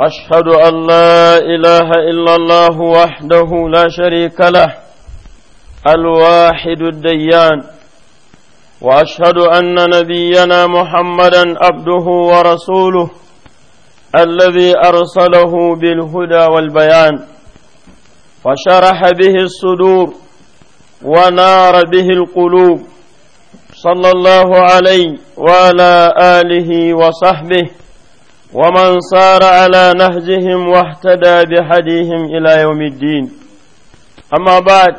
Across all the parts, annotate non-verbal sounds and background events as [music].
أشهد أن لا إله إلا الله وحده لا شريك له الواحد الديان وأشهد أن نبينا محمدا عبده ورسوله الذي أرسله بالهدى والبيان وشرح به الصدور ونار به القلوب صلى الله عليه وعلى آله وصحبه ومن صار على نهجهم واهتدى بهديهم إلى يوم الدين أما بعد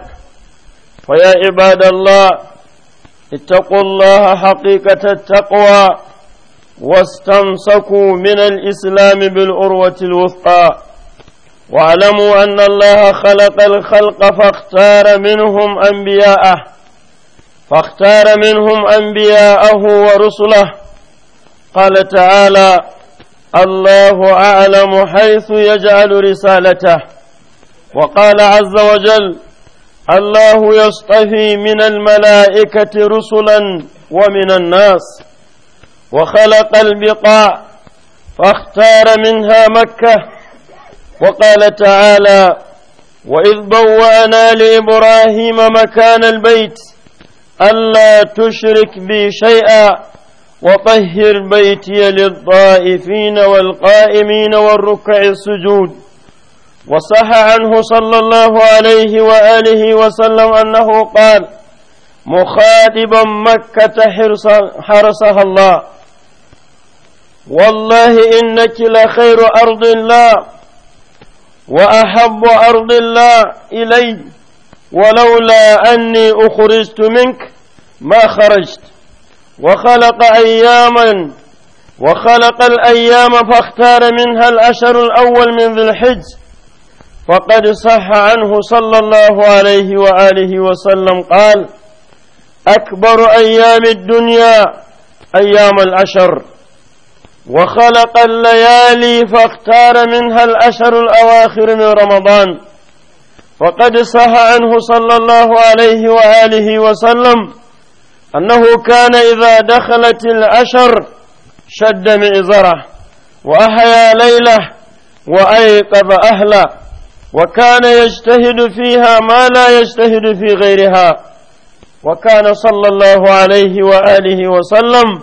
فيا عباد الله اتقوا الله حقيقة التقوى واستمسكوا من الإسلام بالعروة الوثقى واعلموا أن الله خلق الخلق فاختار منهم أنبياءه فاختار منهم أنبياءه ورسله قال تعالى الله أعلم حيث يجعل رسالته وقال عز وجل الله يصطفي من الملائكة رسلا ومن الناس وخلق البقاع فاختار منها مكة وقال تعالى وإذ بوأنا لإبراهيم مكان البيت ألا تشرك بي شيئا وطهر بيتي للطائفين والقائمين والركع السجود وصح عنه صلى الله عليه وآله وسلم أنه قال مخاطبا مكة حرسها الله والله إنك لخير أرض الله وأحب أرض الله إلي ولولا أني أخرجت منك ما خرجت وخلق أياما وخلق الأيام فاختار منها الأشهر الأول من ذي الحج فقد صح عنه صلى الله عليه وآله وسلم قال أكبر أيام الدنيا أيام الأشر وخلق الليالي فاختار منها الأشر الأواخر من رمضان فقد صح عنه صلى الله عليه وآله وسلم أنه كان إذا دخلت العشر شد مئزره وأحيا ليله وأيقظ أهله وكان يجتهد فيها ما لا يجتهد في غيرها وكان صلى الله عليه وآله وسلم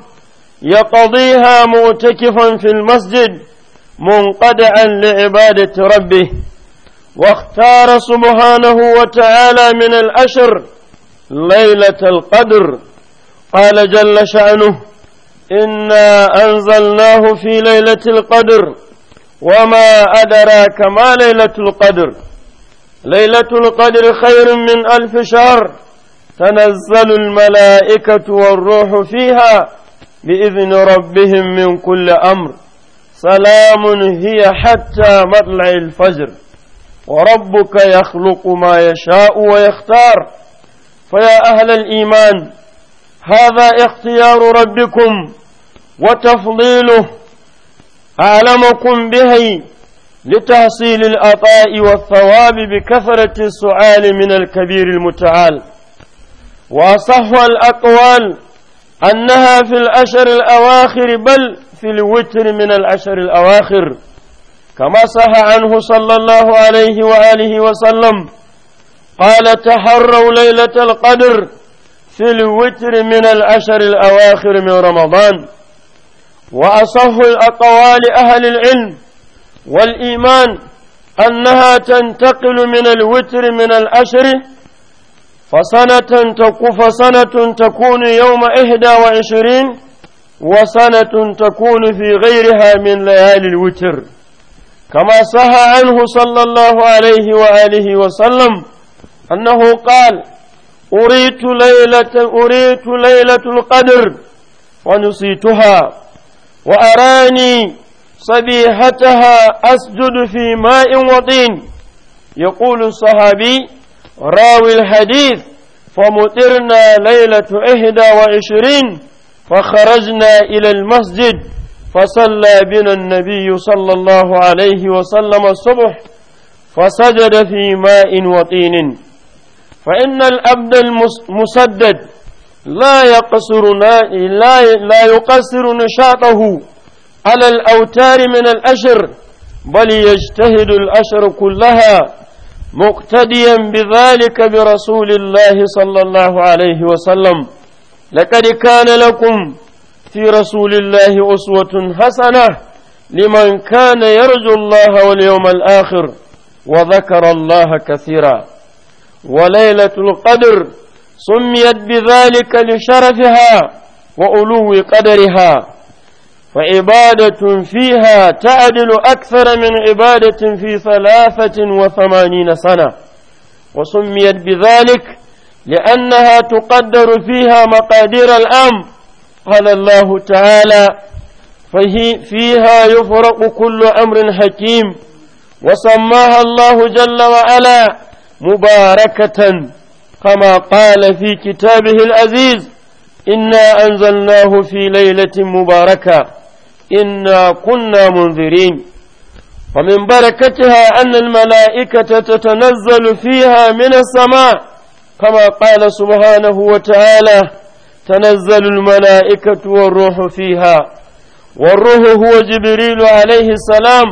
يقضيها معتكفا في المسجد منقدعا لعبادة ربه واختار سبحانه وتعالى من الأشر ليلة القدر قال جل شأنه إنا أنزلناه في ليلة القدر وما أدراك ما ليلة القدر ليلة القدر خير من ألف شهر تنزل الملائكة والروح فيها بإذن ربهم من كل أمر سلام هي حتى مطلع الفجر وربك يخلق ما يشاء ويختار فيا أهل الإيمان هذا اختيار ربكم وتفضيله أعلمكم به لتحصيل العطاء والثواب بكثرة السؤال من الكبير المتعال وأصح الأقوال أنها في الأشر الأواخر بل في الوتر من الأشر الأواخر كما صح عنه صلى الله عليه وآله وسلم قال تحروا ليلة القدر في الوتر من العشر الأواخر من رمضان وأصح الأقوال أهل العلم والإيمان أنها تنتقل من الوتر من العشر فسنة فسنة تكون يوم إحدى وعشرين وسنة تكون في غيرها من ليالي الوتر كما صح عنه صلى الله عليه وآله وسلم أنه قال أريت ليلة أريت ليلة القدر ونسيتها وأراني صبيحتها أسجد في ماء وطين يقول الصحابي راوي الحديث فمطرنا ليلة إحدى وعشرين فخرجنا إلى المسجد فصلى بنا النبي صلى الله عليه وسلم الصبح فسجد في ماء وطين فإن الأبد المسدد لا يقصر لا لا يقصر نشاطه على الأوتار من الأشر بل يجتهد الأشر كلها مقتديا بذلك برسول الله صلى الله عليه وسلم لقد كان لكم في رسول الله أسوة حسنة لمن كان يرجو الله واليوم الآخر وذكر الله كثيرا وليلة القدر سميت بذلك لشرفها وألو قدرها فعبادة فيها تعدل أكثر من عبادة في ثلاثة وثمانين سنة وسميت بذلك لأنها تقدر فيها مقادير الأمر قال الله تعالى فهي فيها يفرق كل أمر حكيم وسماها الله جل وعلا مباركة كما قال في كتابه العزيز إنا أنزلناه في ليلة مباركة إنا كنا منذرين ومن بركتها أن الملائكة تتنزل فيها من السماء كما قال سبحانه وتعالى تنزل الملائكة والروح فيها والروح هو جبريل عليه السلام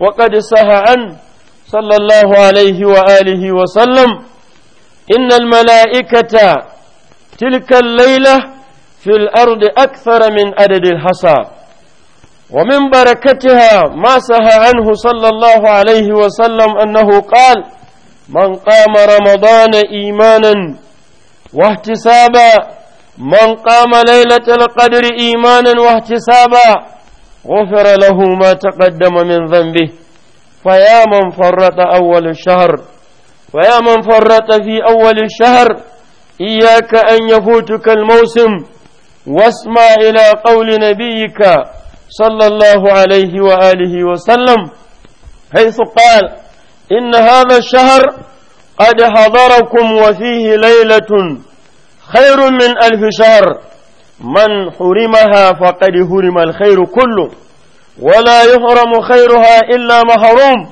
وقد صح عنه صلى الله عليه وآله وسلم إن الملائكة تلك الليلة في الأرض أكثر من عدد الحصى ومن بركتها ما سهى عنه صلى الله عليه وسلم أنه قال من قام رمضان إيمانا واحتسابا من قام ليلة القدر إيمانا واحتسابا غفر له ما تقدم من ذنبه فيا من فرط أول الشهر ويا من فرط في أول الشهر إياك أن يفوتك الموسم واسمع إلى قول نبيك صلى الله عليه وآله وسلم حيث قال إن هذا الشهر قد حضركم وفيه ليلة خير من ألف شهر من حرمها فقد حرم الخير كله ولا يحرم خيرها إلا محروم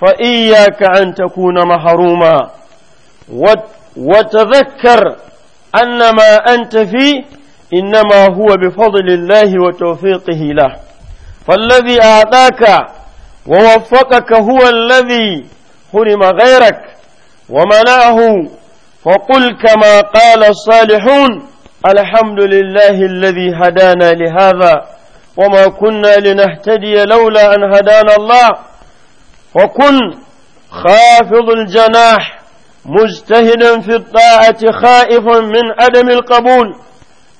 فإياك أن تكون محروما وتذكر أن ما أنت فيه إنما هو بفضل الله وتوفيقه له فالذي أعطاك ووفقك هو الذي حرم غيرك ومنعه فقل كما قال الصالحون الحمد لله الذي هدانا لهذا وما كنا لنهتدي لولا أن هدانا الله وكن خافض الجناح مجتهدا في الطاعة خائفا من عدم القبول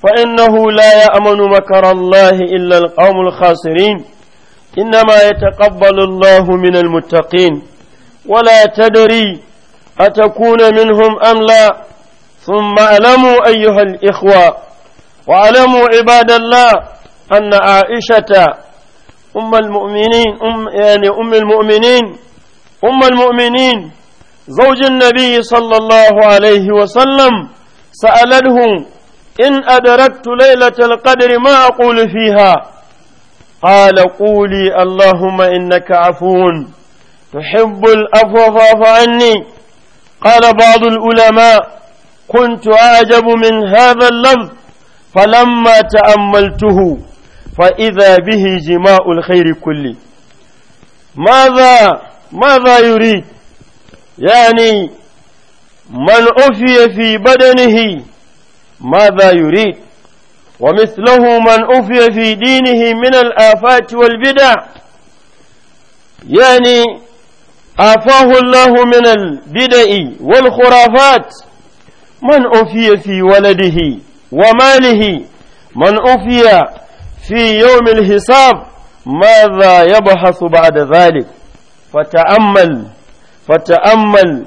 فإنه لا يأمن مكر الله إلا القوم الخاسرين إنما يتقبل الله من المتقين ولا تدري أتكون منهم أم لا ثم أعلموا أيها الإخوة وأعلموا عباد الله أن عائشة أم المؤمنين أم يعني أم المؤمنين أم المؤمنين زوج النبي صلى الله عليه وسلم سألته إن أدركت ليلة القدر ما أقول فيها قال قولي اللهم إنك عفو تحب الأفو فاعف عني قال بعض العلماء كنت أعجب من هذا اللفظ فلما تأملته fa idza bihi jima'ul khairi kulli ماذا ماذا يريد يعني من أفي في بدنه ماذا يريد ومثله من أفي في دينه من الآفات والبدع يعني آفاه الله من البدع والخرافات من أفي في ولده وماله من أفي في يوم الحساب ماذا يبحث بعد ذلك فتأمل فتأمل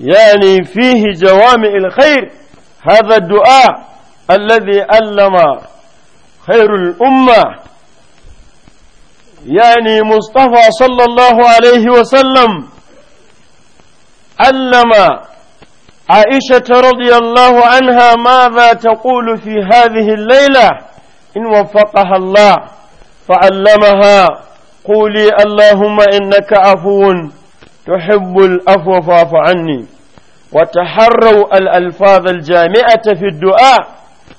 يعني فيه جوامع الخير هذا الدعاء الذي ألم خير الأمة يعني مصطفى صلى الله عليه وسلم علم عائشة رضي الله عنها ماذا تقول في هذه الليلة إن وفقها الله فعلمها قولي اللهم إنك عفو تحب العفو فاعف عني وتحروا الألفاظ الجامعة في الدعاء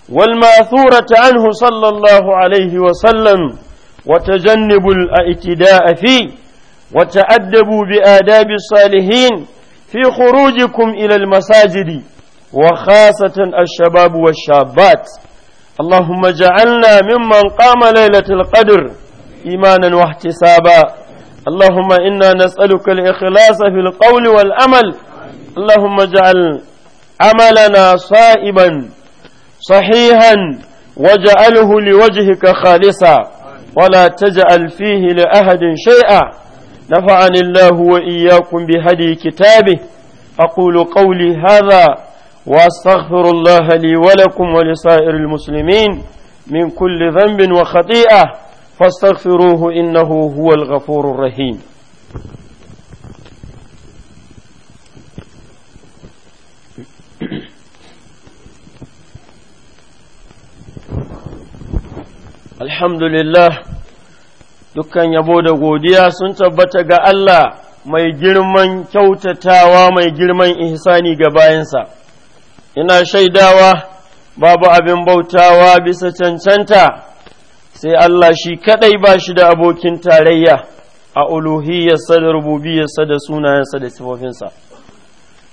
والماثورة عنه صلى الله عليه وسلم وتجنبوا الاعتداء فيه وتأدبوا بآداب الصالحين في خروجكم إلى المساجد وخاصة الشباب والشابات اللهم اجعلنا ممن قام ليلة القدر إيمانا واحتسابا اللهم إنا نسألك الإخلاص في القول والأمل اللهم اجعل عملنا صائبا صحيحا واجعله لوجهك خالصا ولا تجعل فيه لأحد شيئا نفعني الله وإياكم بهدي كتابه أقول قولي هذا واستغفر الله لي ولكم ولسائر المسلمين من كل ذنب وخطيئه فاستغفروه انه هو الغفور الرحيم alhamdulillah dukkan yabo da godiya sun tabbata ga Allah mai girman kyautatawa mai girman ihsani ga bayansa ina shaidawa babu abin bautawa bisa cancanta sai Allah shi kadai ba shi da abokin tarayya a uluhiyarsa da rububiyarsa da sunayensa da sifofinsa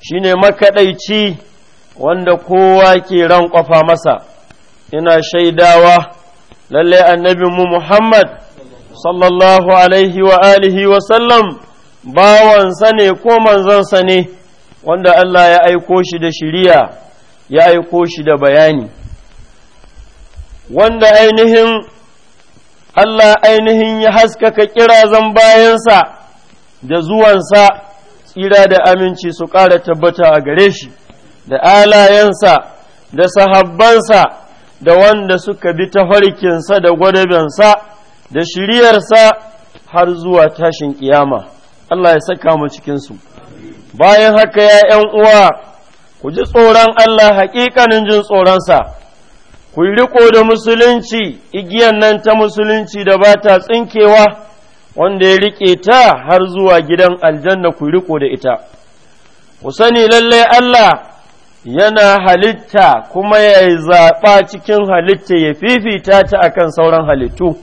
shi ne makaɗaici wanda kowa ke ran kwafa masa ina shaidawa lalle annabinmu Muhammad sallallahu alaihi wa alihi wa sallam bawansa ne ko manzansa ne wanda Allah ya aiko shi da shiriya ya aiko shi da bayani wanda ainihin Allah ainihin ya haskaka kirazan bayansa da zuwansa tsira da aminci su ƙara tabbata a gare shi da alayensa da sahabbansa da wanda suka bi tafarkinsa da gwadabensa da shiriyarsa har zuwa tashin kiyama Allah ya saka mu cikinsu bayan haka ya uwa ku ji tsoron Allah haƙiƙanin jin tsoronsa, ku riko da musulunci igiyan nan ta musulunci da ba ta tsinkewa wanda ya riƙe ta har zuwa gidan aljanna ku riko da ita. Ku sani lallai Allah yana halitta kuma ya zaɓa cikin halitta ya fifita ta akan sauran halittu.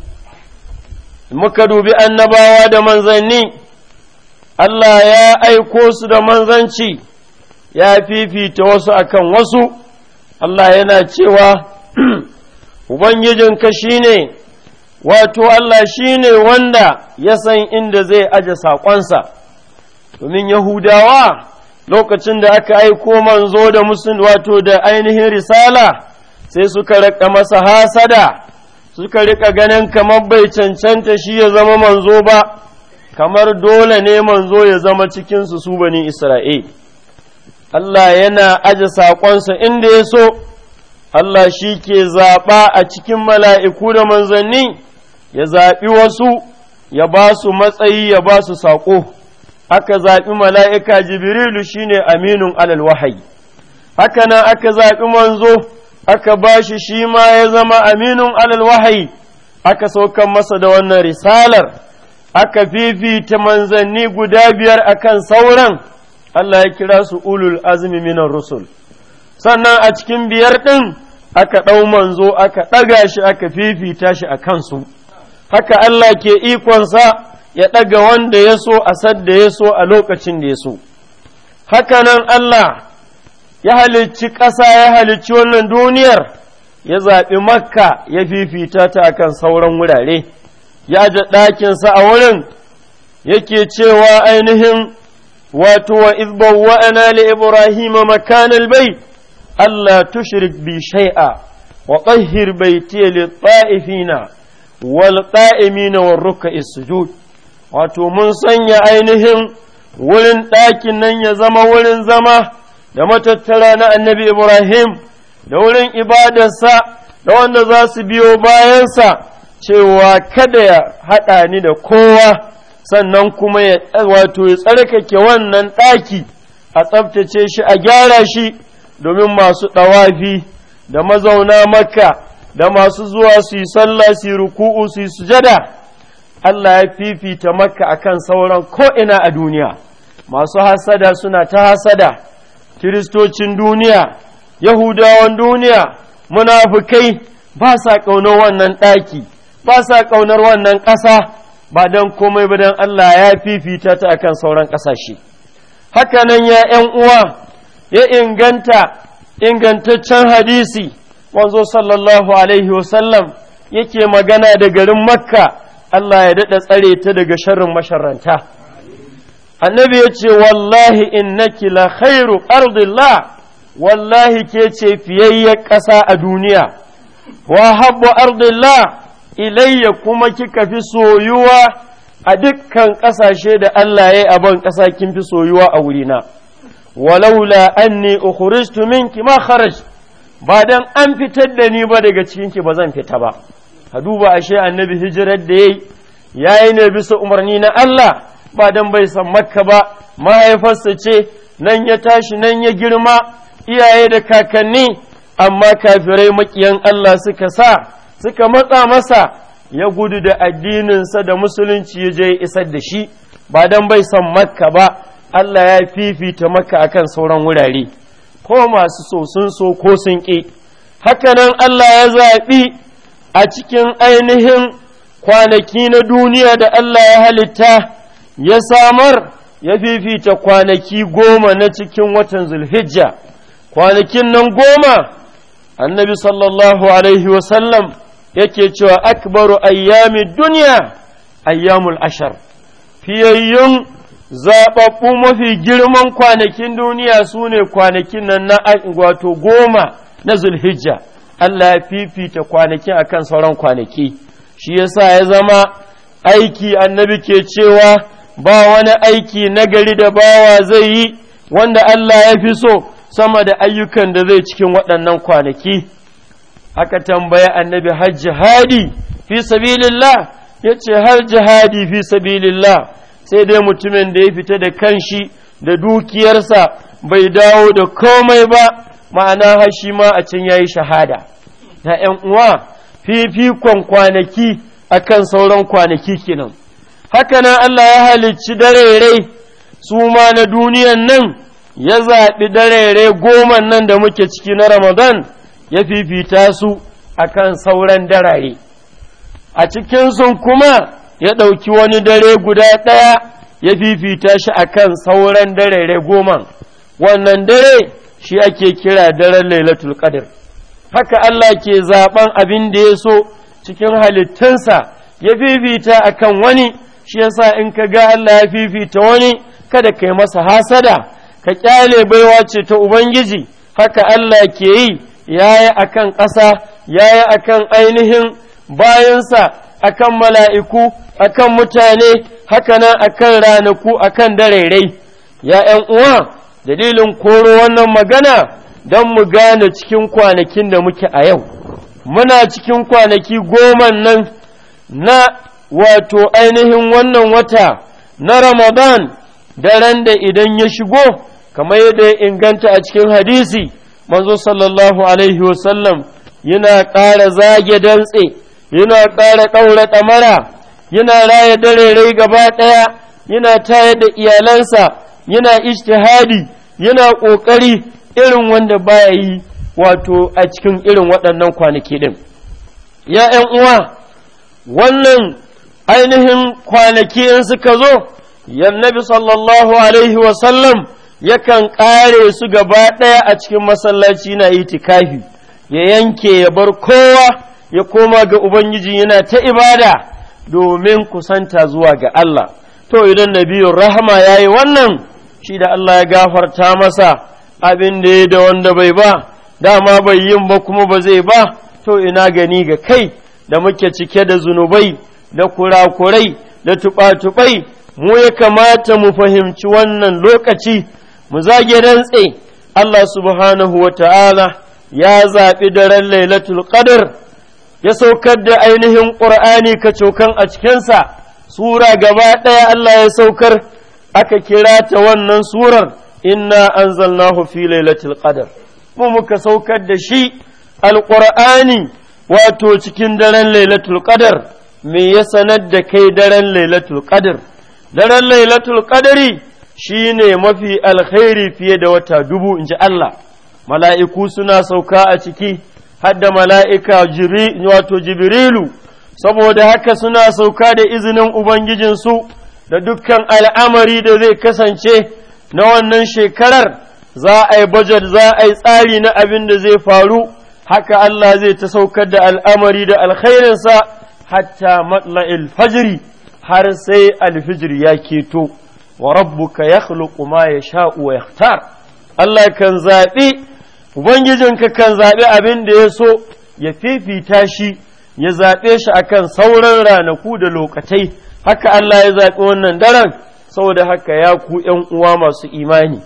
Muka dubi annabawa da manzanni, Allah ya aiko su da manzanci. ya fifita wasu akan wasu Allah yana cewa [clears throat] Ubangijinka shi ne wato Allah shi ne wanda ya san inda zai aje saƙonsa domin Yahudawa lokacin da aka aiko manzo da musulun wato da ainihin risala sai suka raka masa hasada suka rika ganin kamar bai cancanta shi ya zama manzo ba kamar dole ne manzo ya zama cikinsu su bani Isra'il Allah yana aje saƙonsa inda ya so, Allah shi ke zaɓa a cikin mala'iku da manzanni, ya zaɓi wasu, ya ba su matsayi, ya ba su saƙo, aka zaɓi mala'ika Jibrilu shi ne aminun alal wahayi, haka nan aka zaɓi manzo, aka ba shi shi ma ya zama aminun alal aka saukan masa da wannan risalar, aka fifita manzanni guda biyar akan sauran. Allah ya kira su ulul azmi minan rusul sannan a cikin biyar ɗin aka ɗau manzo aka ɗaga shi aka fifita shi a kansu haka Allah ke ikonsa ya ɗaga wanda ya so a sadda ya so a lokacin da ya so haka nan Allah ya halicci ƙasa ya halicci wannan duniyar ya zaɓi makka ya fifita ta akan sauran wurare ya ji ɗakinsa a wurin yake cewa ainihin wato wa izbar ana li Ibrahim makanal bai, Allah tushrik bi shai'a wa ƙahir bai li ta'ifina wal qa'imina wal ruka sujud wato mun sanya ainihin wurin ɗakin nan ya zama wurin zama da matattara na annabi Ibrahim da wurin ibadarsa da wanda za su biyo bayansa cewa kada ya haɗa ni da kowa. sannan kuma ya eh, wato ya tsarkake wannan ɗaki a tsaftace shi a gyara shi domin masu ɗawafi da mazauna makka da masu zuwa su yi sallah su yi ruku'u su yi sujada Allah ya fifita makka akan sauran ko'ina a duniya masu hasada suna ta hasada kiristocin duniya yahudawan duniya munafukai ba sa ƙaunar wannan ɗaki ba sa ƙaunar wannan ƙasa ba don komai ba don Allah ya fifita ta akan sauran ƙasashe hakanan ya ‘yan uwa ya inganta ingantaccen hadisi wanzo sallallahu alaihi wasallam yake magana da garin makka Allah ya daɗa tsare ta daga sharrin masharranta annabi ya ce wallahi innaki la khairu ardillah wallahi ke ce ya ƙasa a duniya wa habbu ardillah ilayya kuma kika fi soyuwa a dukkan ƙasashe da Allah ya a ban ƙasa kin fi soyuwa a wurina walaula anni ukhrijtu minki ma kharaj ba dan an fitar da ni ba daga cikin ki ba zan fita ba ka duba ashe annabi hijirar da yayi yayi ne bisa umarni na Allah ba dan bai san makka ba mahaifarsa ce nan ya tashi nan ya girma iyaye da kakanni amma kafirai makiyan Allah suka sa suka matsa masa ya gudu da addininsa da musulunci ya je isar da shi ba don bai son makka ba Allah ya fifita makka kan sauran wurare ko masu so sun so ko sun ƙi hakanan Allah ya zaɓi a cikin ainihin kwanaki na duniya da Allah ya halitta ya samar ya fifita kwanaki goma na cikin watan zulhijja kwanakin nan goma annabi sallallahu alaihi wasallam yake cewa akbaru ayyami duniya ayyamul ashar fiyayyun zaɓaɓɓu mafi girman kwanakin duniya su ne kwanakin nan na wato goma na zulhijja Allah ya fifita kwanakin kan sauran kwanaki shi yasa ya zama aiki annabi ke cewa ba wani aiki nagari da bawa zai yi wanda Allah ya fi so sama da ayyukan da zai cikin waɗannan kwanaki aka tambaya annabi har jihadi fi sabilillah ya ce har jihadi fi sabilillah sai dai mutumin da ya fita da kanshi da dukiyarsa bai dawo da komai ba ma'ana har shi ma a can ya yi shahada na ‘yan uwa fifikon kwanaki akan sauran kwanaki kenan hakanan Allah ya halicci dare su ma na duniyan nan ya zaɓi dare goma nan da muke ciki na Ramadan ya fifita su akan sauran daraye a cikinsu kuma ya ɗauki wani dare guda ɗaya ya fifita shi akan sauran darare goma wannan dare shi ake kira daren lailatul qadr haka Allah ke zaben abin da ya so cikin halittunsa ya fifita akan wani shi yasa in ka ga Allah ya fifita wani kada ka yi masa hasada ka kyale baiwa ce ta ubangiji haka Allah ke yi yayi akan ƙasa yayi akan ainihin bayansa akan mala'iku akan mutane hakanan akan ranaku akan darairai ya ‘yan uwa dalilin koro wannan magana don mu gane cikin kwanakin da muke a yau muna cikin kwanaki goman nan na wato ainihin wannan wata na ramadan daren da idan ya shigo kamar yadda ya inganta a cikin hadisi manzo sallallahu alaihi wasallam yana ƙara zage dantse yana ƙara ƙaura ɗamara yana raya dare gaba ɗaya yana tayar da iyalansa yana ijtihadi yana ƙoƙari irin wanda baya yi wato a cikin irin waɗannan kwanaki ɗin ya ‘yan uwa wannan ainihin kwanaki in suka zo yannabi sallallahu alaihi wasallam yakan ƙare su gaba ɗaya a cikin masallaci na itikafi ya yanke ya bar kowa ya koma ga Ubangiji yana ta ibada domin kusanta zuwa ga Allah. To idan nabiyun rahama ya yi wannan shi da Allah ya gafarta masa abin da ya da wanda bai ba, dama bai yin ba kuma ba zai ba, to ina gani ga kai da muke cike da zunubai da kurakurai da tuɓa-tuɓai mu ya kamata mu fahimci wannan lokaci mu zage rantse Allah subhanahu wa ta'ala ya zaɓi daren lailatul qadr ya saukar da ainihin ƙur'ani ka cokan a cikinsa sura gaba ɗaya Allah ya saukar aka kira ta wannan surar inna anzalnahu fi lailatul qadr mu muka saukar da shi alƙur'ani wato cikin daren lailatul qadr me ya sanar da kai daren lailatul qadr daren lailatul qadri shi ne mafi alkhairi fiye da wata dubu in ji Allah mala'iku suna sauka a ciki hadda mala'ika wato jibrilu saboda haka suna sauka da izinin ubangijinsu da dukkan al'amari da zai kasance na wannan shekarar za a yi bajet za a yi tsari na abin da zai faru haka Allah zai ta saukar da al'amari da alkhairinsa hatta matla'il fajiri har sai alfijir ya keto. wa rabbuka yakhluqu ya yasha'u wa yakhtar Allah kan zaɓi ubangijinka kan zaɓi abin da ya so ya fifita shi ya zaɓe shi akan sauran ranaku da lokatai haka Allah ya zaɓi wannan daren saboda haka ya ku ’yan uwa masu imani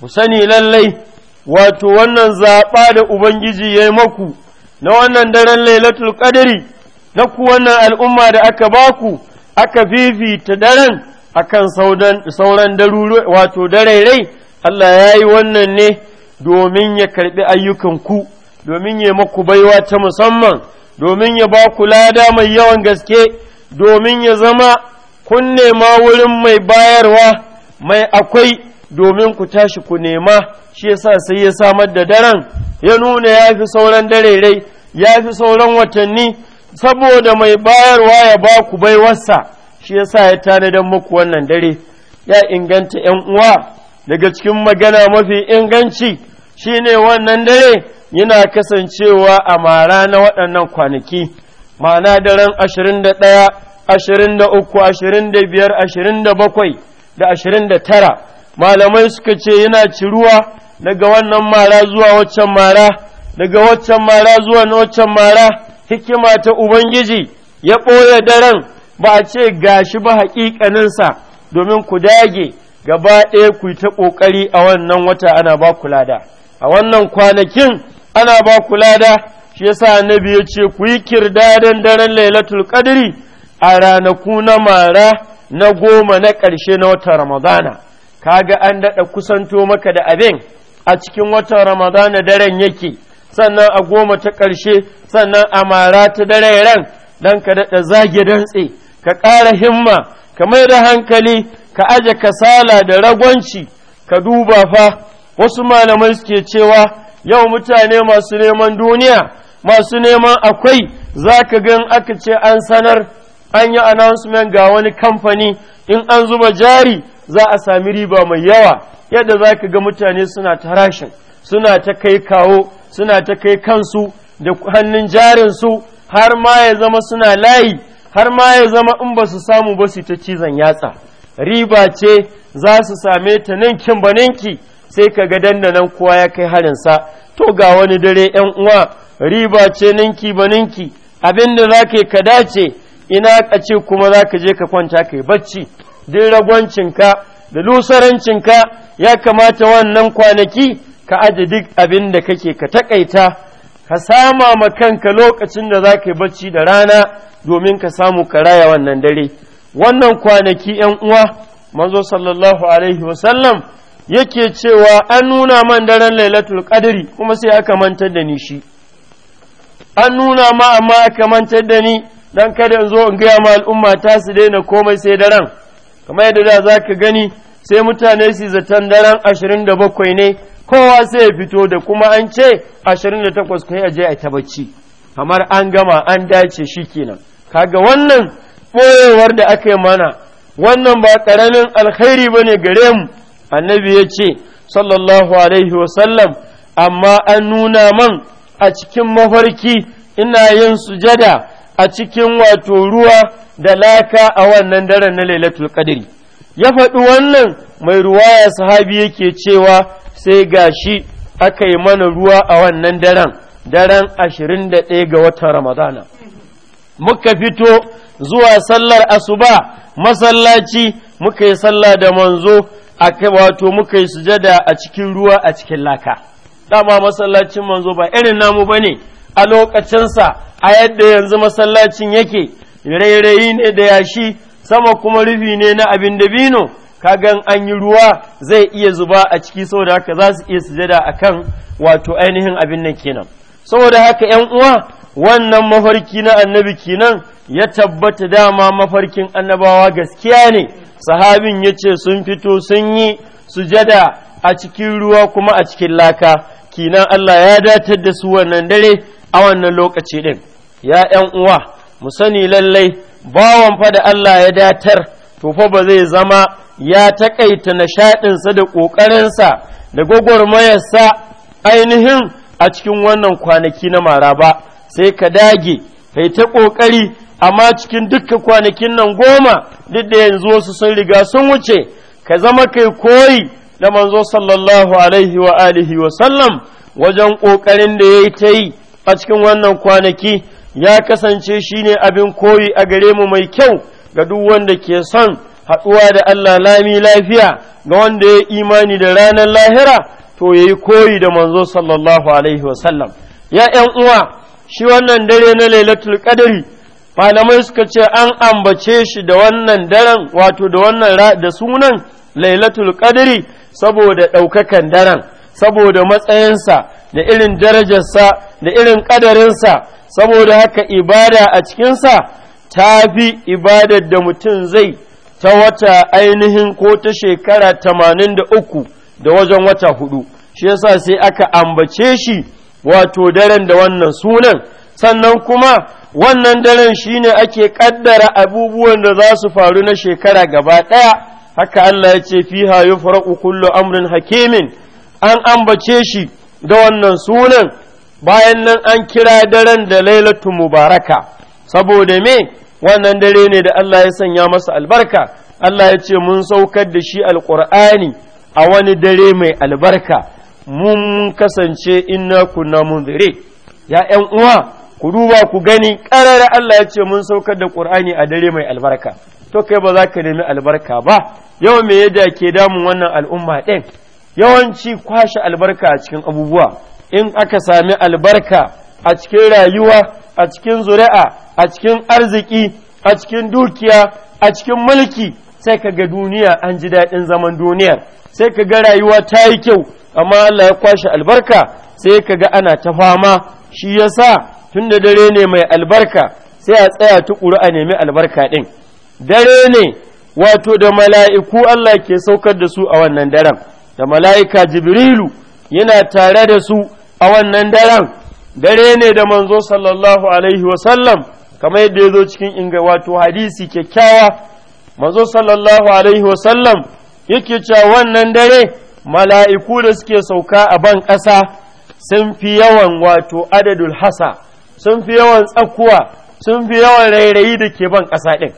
ku sani lallai wato wannan zaɓa da Ubangiji ya yi maku na wannan daren lailatul qadari na ku wannan al'umma da aka baku aka fifita daren akan sauran daruru wato darairai Allah ya yi wannan ne domin ya karɓi ku. domin ya maku baiwa ta musamman domin ya ba ku lada mai yawan gaske domin ya zama kun nema wurin mai bayarwa mai akwai domin ku tashi ku nema shi yasa sai ya samar da daren ya nuna ya fi sauran darairai ya fi sauran watanni saboda mai bayarwa ya ba ku baiwarsa shi yasa ya tanadan muku wannan dare ya inganta ‘yan uwa daga cikin magana mafi inganci shine wannan dare yana kasancewa a mara na waɗannan kwanaki ma'ana daren ashirin da ɗaya ashirin da uku ashirin da biyar ashirin da bakwai da ashirin da tara malamai suka ce yana ciruwa daga wannan mara zuwa waccan mara daga waccan mara zuwa na waccan mara hikima ta ubangiji ya ɓoye daren ba a ce ga shi ba haƙiƙaninsa domin ku dage gaba ɗaya ku yi ta ƙoƙari a wannan wata ana ba ku lada a wannan kwanakin ana ba ku lada shi yasa annabi ya ce ku yi kirdadan daren lailatul qadri a ranaku na mara na goma na ƙarshe na watan ramadana kaga an daɗa kusanto maka da abin a cikin watan ramadana daren yake sannan a goma ta ƙarshe sannan a mara ta dare ran dan ka daɗa zage dantse ka ƙara himma ka mai da hankali ka aje kasala da ragwanci ka duba fa wasu malamai suke cewa yau mutane masu neman duniya masu neman akwai za ka gan aka ce an sanar an yi announcement ga wani kamfani in an zuba jari za a sami riba mai yawa yadda za ka ga mutane suna ta rashin suna ta kai kawo suna ta kai kansu da hannun jarinsu har ma ya zama suna layi har ma ya zama in ba su samu ba su ta cizon yatsa riba ce za su same ta ninkin ba ninki sai ka ga nan kowa ya kai harinsa to ga wani dare yan uwa riba ce ninki ba ninki abin da za ka yi ka dace ina ka ce kuma za ka je ka kwanta ka yi bacci duk ragwancinka da lusarancinka ya kamata wannan kwanaki ka aje duk abin da kake ka takaita ka sama ma kanka lokacin da za ka yi bacci da rana domin ka samu karaya wannan dare wannan kwanaki ‘yan uwa manzo sallallahu alaihi wasallam yake cewa an nuna man daren lailatul qadri kuma sai aka mantar da ni shi an nuna ma amma aka mantar da ni don kada in zo in gaya ma al'umma ta su daina komai sai daren kamar yadda da za ka gani sai mutane su zaton daren ashirin da bakwai ne kowa sai ya fito da kuma an ce 28 kai aje a tabacci kamar an gama an dace shi kenan. kaga wannan ɓoyewar da aka yi mana wannan ba karamin alkhairi bane gare mu annabi ya ce sallallahu alaihi wasallam amma an nuna man a cikin mafarki ina yin sujada a cikin wato ruwa da laka a wannan daren na lailatul qadri ya faɗi wannan mai ruwaya sahabi yake cewa sai ga shi aka yi mana ruwa a wannan daren daren ashirin da ɗaya ga watan ramadana muka fito zuwa sallar asuba masallaci muka yi sallah da manzo a wato muka yi sujada a cikin ruwa a cikin laka dama masallacin manzo ba irin namu ba ne a lokacinsa a yadda yanzu masallacin yake rairayi ne da yashi sama kuma rufi ne na abin dabino kagan an yi ruwa zai iya zuba a ciki saboda haka za su iya sujada kan wato ainihin abin nan kenan saboda haka ‘yan uwa wannan mafarki na annabi kenan ya tabbata dama mafarkin annabawa gaskiya ne sahabin ya ce sun fito sun yi sujada a cikin ruwa kuma a cikin laka kinan Allah ya datar da su wannan dare a wannan lokaci ɗin ya ‘yan uwa mu sani lallai bawan fa da Allah ya datar to fa ba zai zama ya taƙaita nishaɗinsa da ƙoƙarinsa da gwagwarmayarsa ainihin a cikin wannan kwanaki na maraba sai ka dage kai ta ƙoƙari amma cikin dukkan kwanakin nan goma duk da yanzu wasu sun riga sun wuce ka zama kai koyi da manzo sallallahu alaihi wa alihi wa sallam wajen ƙoƙarin da ya yi ta yi a cikin wannan kwanaki ya kasance shine abin koyi a gare mu mai kyau ga duk wanda ke son haɗuwa da Allah lami lafiya ga wanda ya imani da ranar lahira to ya yi koyi da manzo sallallahu alaihi wasallam ya ‘yan uwa shi wannan dare na lailatul ƙadari malamai suka ce an ambace shi da wannan daren wato da wannan da sunan lailatul ƙadari saboda ɗaukakan daren saboda matsayinsa da irin darajarsa da irin ƙadarinsa saboda haka ibada a cikinsa ta fi ibadar da mutum zai ta wata ainihin ko ta shekara tamanin da uku da wajen wata hudu shi yasa sai aka ambace shi wato daren da wannan sunan sannan kuma wannan daren shine ake kaddara abubuwan da za su faru na shekara gaba ɗaya haka Allah ya ce fiha yufraqu kullu amrin hakimin an ambace shi da wannan sunan bayan nan an kira daren da lailatu mubaraka saboda me wannan dare ne da Allah ya sanya masa albarka Allah ya ce mun saukar da shi Alƙur'ani a wani dare mai albarka mun kasance inna kunna munzire ya ƴan uwa ku duba ku gani Ƙarar Allah ya ce mun saukar da Qur'ani a dare mai albarka to kai ba za ka nemi albarka ba yau me ya yadda ke damun wannan al'umma ɗin yawanci kwashe albarka a cikin abubuwa in aka sami albarka a cikin rayuwa a cikin zuri'a a cikin arziki a cikin dukiya a cikin mulki sai ka ga duniya an ji daɗin zaman duniyar sai ka ga rayuwa ta yi kyau amma Allah ya kwashe albarka sai ka ga ana ta fama shi ya sa tun da dare ne mai albarka sai a tsaya tukuru a nemi albarka ɗin dare ne wato da mala'iku Allah ke saukar da su a wannan daren da mala'ika jibrilu yana tare da su a wannan daren dare ne da manzo sallallahu alaihi wasallam kamar yadda ya zo cikin inga wato hadisi kyakkyawa manzo sallallahu alaihi wasallam yake cewa wannan dare mala'iku da suke sauka a ban ƙasa sun fi yawan wato adadul hasa sun fi yawan tsakuwa sun fi yawan rairayi da ke ban ƙasa ɗin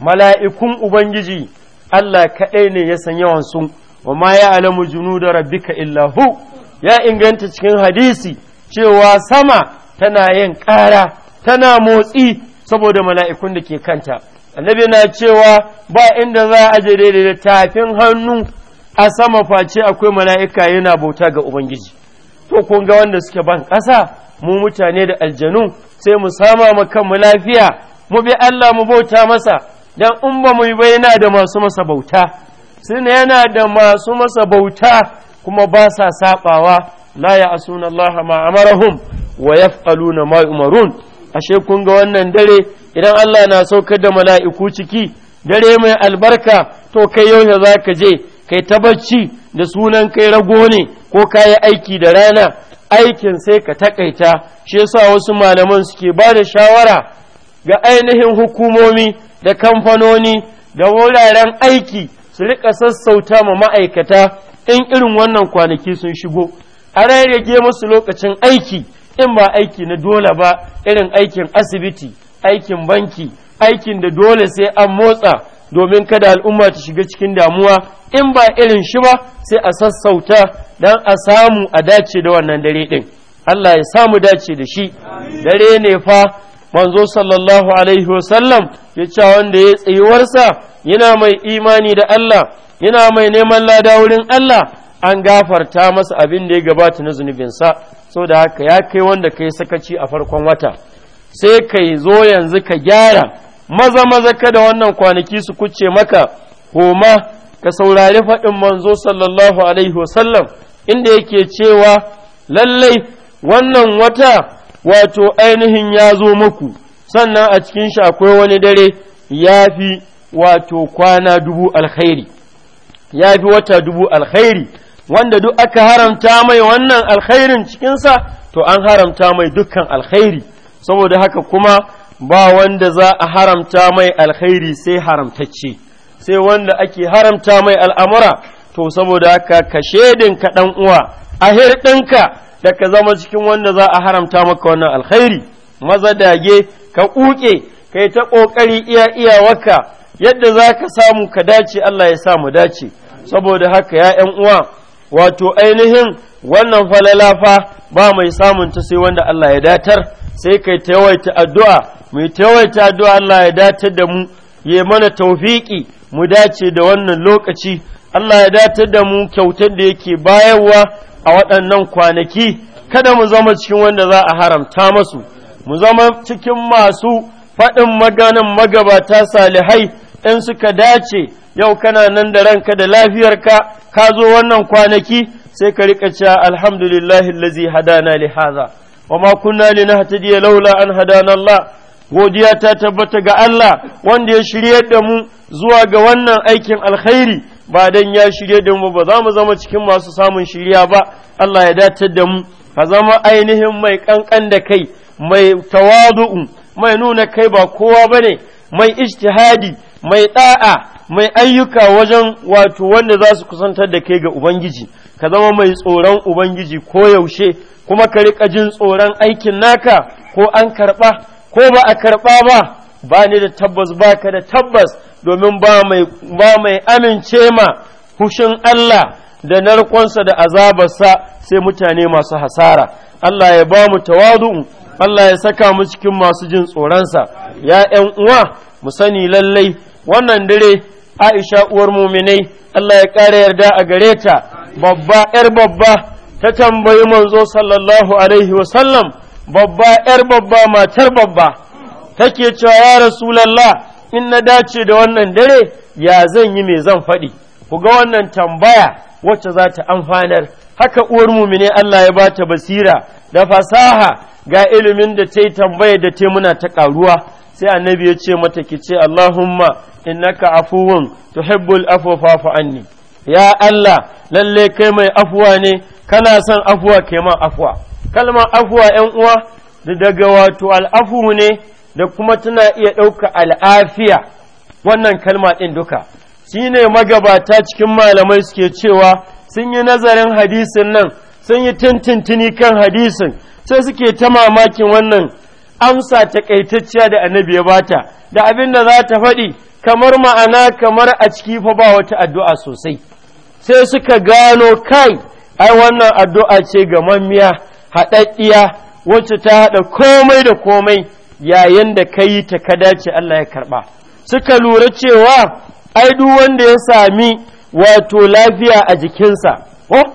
mala'ikun ubangiji Allah kaɗai ne ya san yawan sun wa ma ya alamu junu da rabbika illahu ya inganta cikin hadisi cewa sama tana yin ƙara tana motsi saboda mala'ikun da ke kanta annabi na cewa ba inda za a daidai da tafin hannu a sama face akwai mala'ika yana bauta ga ubangiji to kun wanda suke ban ƙasa mu mutane da aljanu sai mu sama ma kanmu lafiya mu bi Allah mu bauta masa dan in ba mu yi ba yana da masu masa bauta sina yana da masu masa bauta kuma ba sa saɓawa. la ya'suna Allah ma amarahum wa yaf'aluna ma ashe kun ga wannan dare idan Allah na saukar da mala'iku ciki dare mai albarka to kai yau za ka je kai ta da sunan kai rago ne ko kayi aiki da rana aikin sai ka takaita shi yasa wasu malaman suke ba da shawara ga ainihin hukumomi da kamfanoni da wuraren aiki su rika sassauta ma ma'aikata in irin wannan kwanaki sun shigo a rarrage musu lokacin aiki in ba aiki na dole ba irin aikin asibiti aikin banki aikin da dole sai an motsa domin kada al'umma ta shiga cikin damuwa in ba irin shi ba sai a sassauta don a samu a dace da wannan dare ɗin Allah ya samu dace da shi dare ne fa manzo sallallahu alaihi wasallam ya ce wanda ya tsayuwarsa yana mai imani da Allah yana mai neman lada wurin Allah an gafarta masa abin da ya gabata na zunubinsa da haka ya kai wanda ka yi sakaci a farkon wata sai kai zo yanzu ka gyara maza maza ka da wannan kwanaki su kuce maka homa ka saurari faɗin manzo sallallahu alaihi wasallam inda yake cewa lallai wannan wata wato ainihin ya zo muku sannan a cikin shi akwai wani dare ya fi wato kwana dubu alkhairi ya fi wata dubu alkhairi wanda duk aka haramta mai wannan alkhairin cikinsa to an haramta mai dukkan alkhairi saboda haka kuma ba wanda za a haramta mai alkhairi sai haramtacce sai wanda ake haramta mai al'amura to saboda haka ka shedinka ɗan uwa a hirɗinka da ka zama cikin wanda za a haramta maka wannan alkhairi maza dage ka ƙuƙe ka yi ta ƙoƙari iya iya iyawarka yadda za ka samu ka dace Allah ya samu dace saboda haka ya ‘yan uwa wato ainihin wannan falalafa ba mai samun ta sai wanda Allah ya datar sai kai ta yawaita addu'a mai ta yawaita addu'a Allah ya datar da mu ya mana taufiƙi mu dace da wannan lokaci Allah ya datar da mu kyautar da yake bayarwa a waɗannan kwanaki kada mu zama cikin wanda za a haramta masu mu zama cikin masu faɗin maganan magabata salihai in suka dace yau kana nan da ranka da lafiyarka ka zo wannan kwanaki sai ka rika cewa alhamdulillahi allazi hadana li hadha wa ma kunna linahtadiya laula an hadana Allah godiya ta tabbata ga Allah wanda ya shirye da mu zuwa ga wannan aikin alkhairi ba dan ya shirye da mu ba za mu zama cikin masu samun shirya ba Allah ya datar da mu ka zama ainihin mai kankan da kai mai tawadu mai nuna kai ba kowa bane mai ijtihadi mai ɗa'a mai ayyuka wajen wato wanda za su kusantar da kai ga Ubangiji, ka zama mai tsoron Ubangiji ko yaushe, kuma ka riƙa jin tsoron aikin naka ko an karɓa ko ba a karɓa ba, ba ni da tabbas ba ka da tabbas domin ba mai amince ma hushin Allah da narkonsa da azabarsa sai mutane masu hasara. Allah ya ba mu tawadu, Allah ya saka mu cikin masu jin tsoronsa, ya ’yan uwa, mu sani lallai. wannan dare Aisha uwar muminai Allah ya ƙara yarda a gare ta babba ‘yar babba ta tambayi manzo sallallahu alaihi wa sallam. babba ‘yar babba matar babba take cewa ya rasulallah in na dace da wannan dare ya zan yi me zan faɗi ku ga wannan tambaya wacce za ta amfanar haka uwar muminai Allah ya bata basira da fasaha ga ilimin da ta yi tambaya da ta muna ta ƙaruwa sai annabi ya ce mata ki ce Allahumma innaka afuwun tuhibbul afwa fa anni ya Allah lalle kai mai afuwa ne kana son afuwa kai ma afuwa kalmar afuwa ƴan uwa da daga wato al'afu ne da kuma tana iya ɗauka al'afiya wannan kalma ɗin duka shine magabata cikin malamai suke cewa sun yi nazarin hadisin nan sun yi tintintini kan hadisin sai suke ta mamakin wannan amsa takaitacciya da annabi ya bata da abin da za ta faɗi kamar ma'ana kamar a ciki fa ba wata addu'a sosai sai suka gano kai ai wannan addu'a ce ga mammiya haɗaɗɗiya wacce ta haɗa komai da komai yayin da ka yi ta ka dace Allah ya karɓa suka lura cewa ai duk wanda ya sami wato lafiya a jikinsa al'afu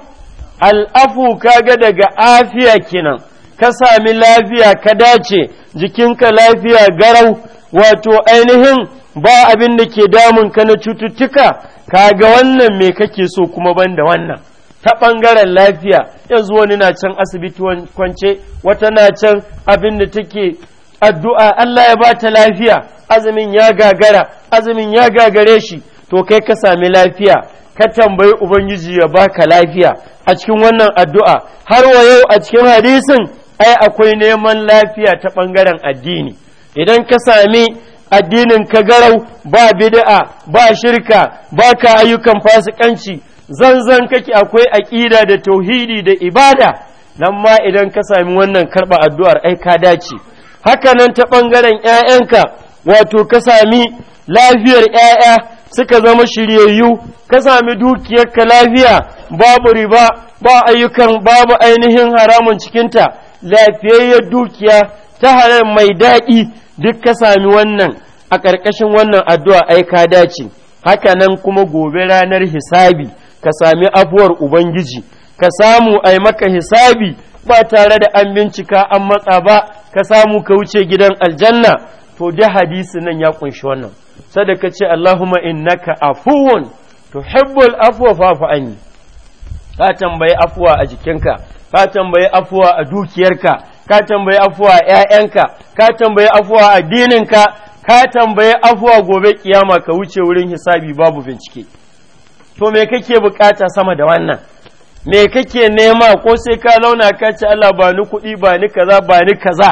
al'afu kaga daga afiya kenan ka sami lafiya ka dace jikinka lafiya garau wato ainihin ba abin da ke damun ka na cututtuka kaga wannan me kake so kuma banda wannan ta ɓangaren lafiya yanzu wani na can asibiti kwance wata na can abin da take addu'a Allah ya ba ta lafiya azumin ya gagara azumin ya gagare shi to kai ka sami lafiya ka tambayi ubangiji ya baka lafiya a cikin wannan addu'a har wa yau a cikin hadisin ai akwai neman lafiya ta ɓangaren addini idan ka sami addinin ka garau ba bid'a ba shirka ba ka ayyukan fasikanci zanzan kake akwai aƙida da tauhidi da ibada nan ma idan ka sami wannan karɓa addu'ar ai ka dace haka nan ta ɓangaren ‘ya'yanka wato ka sami lafiyar ‘ya'ya suka zama shiryayyu ka sami dukiyarka lafiya babu riba ba ayyukan babu ainihin haramun cikinta lafiyayyar dukiya ta halar mai daɗi duk ka sami wannan a ƙarƙashin wannan addu'a ai ka dace haka nan kuma gobe ranar hisabi ka sami afuwar ubangiji ka samu ai maka hisabi ba tare da an bincika an matsa ba ka samu ka wuce gidan aljanna to da hadisi nan ya ƙunshi wannan sadaka ce Allahumma innaka afuwun tuhibbul afwa fa'fu anni ka tambayi afuwa a jikinka ka tambayi afuwa a dukiyarka ka tambayi afuwa a ‘ya'yanka ka tambayi afuwa a dininka ka tambayi afuwa gobe kiyama ka wuce wurin hisabi babu bincike to me kake bukata sama da wannan me kake nema ko sai ka launa ka ce Allah ba ni kuɗi ba ni kaza ba ni kaza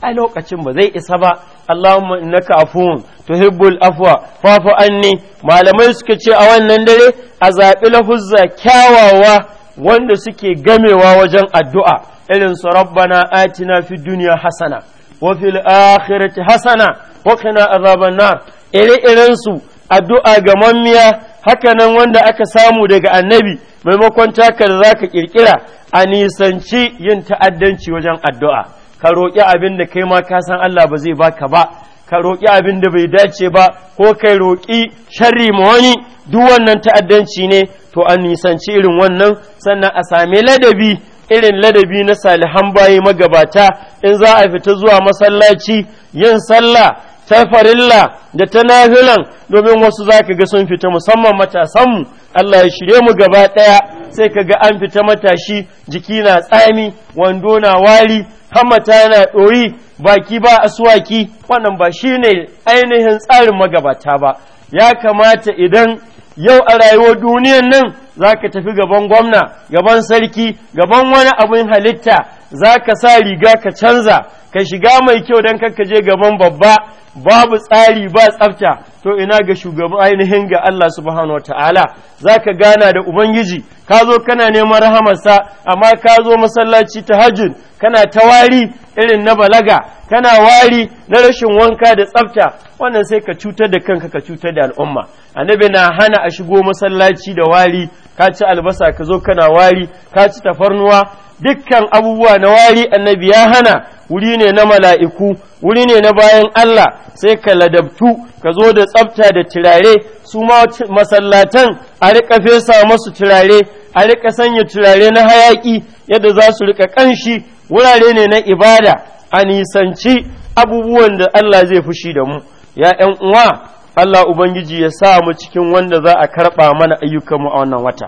a lokacin ba zai isa ba Allahumma innaka afuwun tuhibbul afwa fafu anni malamai suka ce a wannan dare a zaɓi lafuzza kyawawa wanda suke gamewa wajen addu'a irin su rabbana atina fi duniya hasana wa fil akhirati hasana wa qina azaban nar ire-iren su addu'a ga mammiya hakanan wanda aka samu daga annabi maimakon taka da zaka kirkira a nisanci yin ta'addanci wajen addu'a ka roƙi abin da kai ma ka san Allah ba zai baka ba ka roƙi abin da bai dace ba ko kai roƙi sharri ma wani duk wannan ta'addanci ne to an nisanci irin wannan sannan a same ladabi irin ladabi na salihan bayi magabata in za a fita zuwa masallaci yin sallah ta farilla da ta nafilan domin wasu za ka ga sun fita musamman matasanmu Allah ya shirye mu gaba ɗaya sai ka ga an fita matashi jiki na tsami wando na wari hamata yana ɗori baki ba suwaki wannan ba shi ne ainihin tsarin magabata ba ya kamata idan yau a rayuwar duniyan nan za ka tafi gaban gwamna gaban sarki gaban wani abin halitta za ka sa riga ka canza ka shiga mai kyau don ka je gaban babba babu tsari ba tsafta to ina ga shugaban ainihin ga Allah subhanahu wa ta'ala za ka gana da Ubangiji ka zo kana neman rahamarsa amma ka zo masallaci ta hajjun kana ta wari irin na balaga kana wari na rashin wanka da tsafta wannan sai ka cutar da kanka ka cutar da al'umma annabi na hana a shigo masallaci da wari ka ci albasa ka zo kana wari ka ci tafarnuwa dukkan abubuwa na wari annabi ya hana wuri ne na mala'iku wuri ne na bayan Allah sai ka ladabtu ka zo da tsafta da turare su ma masallatan a rika fesa masu turare a riƙa sanya turare na hayaƙi yadda za su riƙa ƙanshi wurare ne na ibada a nisanci abubuwan da Allah zai fushi da mu ya ‘yan uwa Allah Ubangiji ya sa mu cikin wanda za a karɓa mana ayyukanmu a wannan wata.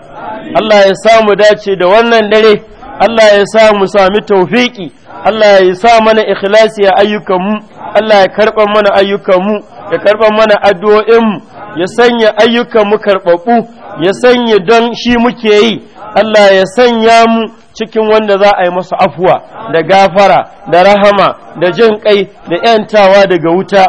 Allah ya sa mu dace da wannan dare, Allah ya sa mu sami taufiki, Allah ya sa mana ikhlasi a ayyukanmu, Allah ya karɓa mana ayyukanmu, ya karɓa mana addu'o'inmu, ya sanya ayyukanmu karɓaɓɓu, ya sanya don shi muke yi, Allah ya sanya mu cikin wanda za a yi masu afuwa da gafara da rahama da jin kai da ‘yantawa daga wuta.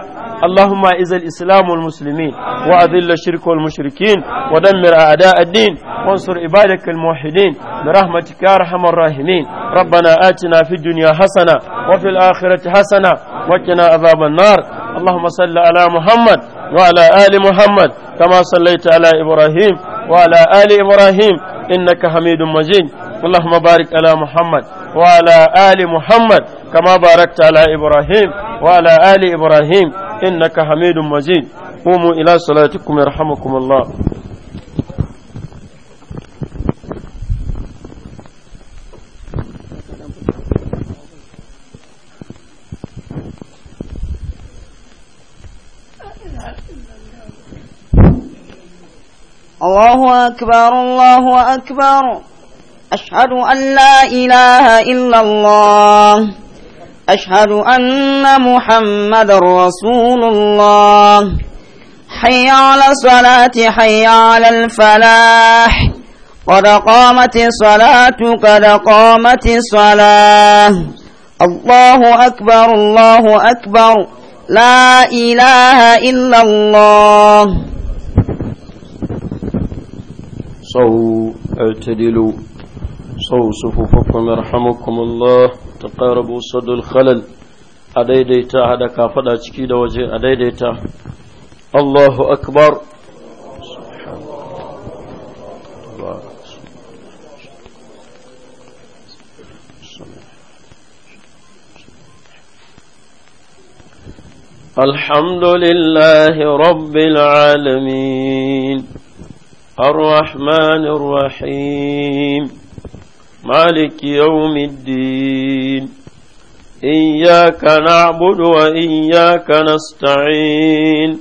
اللهم اعز الاسلام والمسلمين واذل الشرك والمشركين ودمر اعداء الدين وانصر عبادك الموحدين برحمتك يا ارحم الراحمين ربنا اتنا في الدنيا حسنه وفي الاخره حسنه وقنا عذاب النار اللهم صل على محمد وعلى ال محمد كما صليت على ابراهيم وعلى ال ابراهيم انك حميد مجيد اللهم بارك على محمد وعلى آل محمد كما باركت على إبراهيم وعلى آل إبراهيم إنك حميد مجيد قوموا إلى صلاتكم يرحمكم الله الله أكبر الله أكبر أشهد أن لا إله إلا الله أشهد أن محمد رسول الله حي على الصلاة حي على الفلاح قد قامت الصلاة قد قامت الصلاة الله أكبر الله أكبر لا إله إلا الله صو اعتدلوا صو صفوفكم يرحمكم الله تقارب صد الخلل أديديتا هذا كافدا تشكي دوجه أديديتا الله أكبر الحمد لله رب العالمين الرحمن الرحيم مالك يوم الدين إياك نعبد وإياك نستعين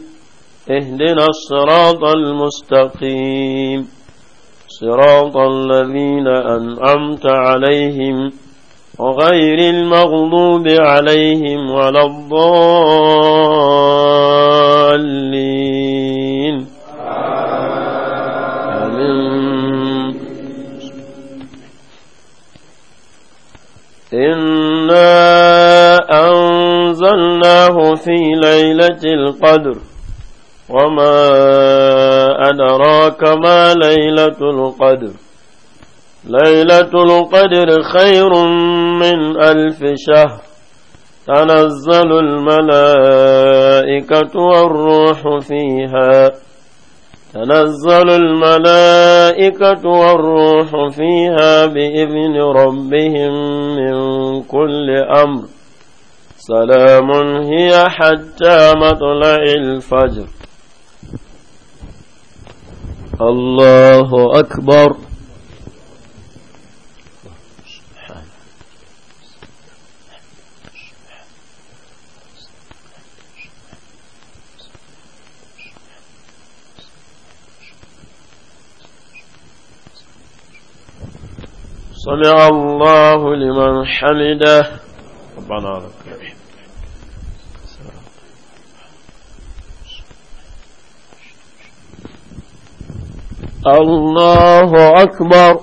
اهدنا الصراط المستقيم صراط الذين أنعمت عليهم وغير المغضوب عليهم ولا الضالين القدر وما أدراك ما ليلة القدر ليلة القدر خير من ألف شهر تنزل الملائكة والروح فيها تنزل الملائكة والروح فيها بإذن ربهم من كل أمر سلام هي حتى مطلع الفجر الله أكبر سمع الله لمن حمده سبحانك الله أكبر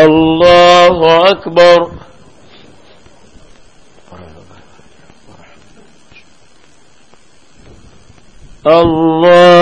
الله أكبر الله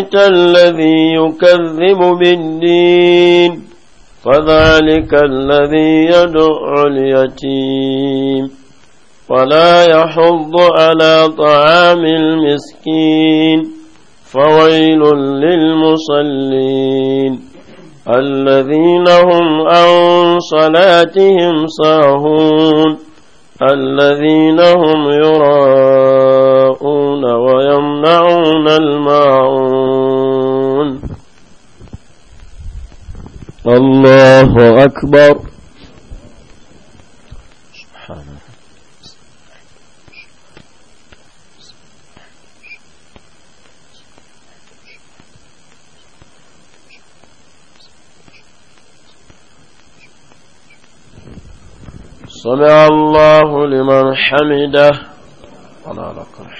أفرأيت الذي يكذب بالدين فذلك الذي يدعو اليتيم ولا يحض على طعام المسكين فويل للمصلين الذين هم عن صلاتهم ساهون الذين هم يراءون ويمنعون الماعون الله أكبر سمع الله لمن حمده ولا لك الحمد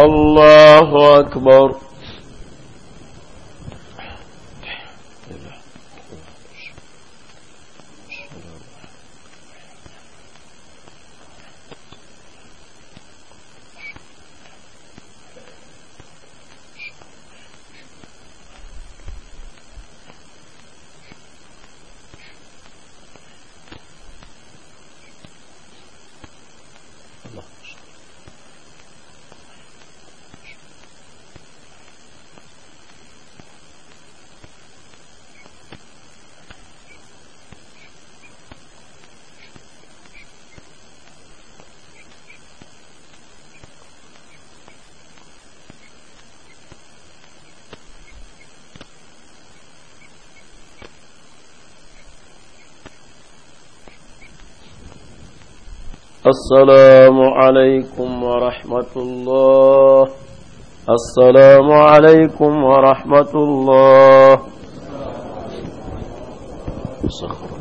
الله أكبر السلام عليكم ورحمة الله السلام عليكم ورحمة الله صخر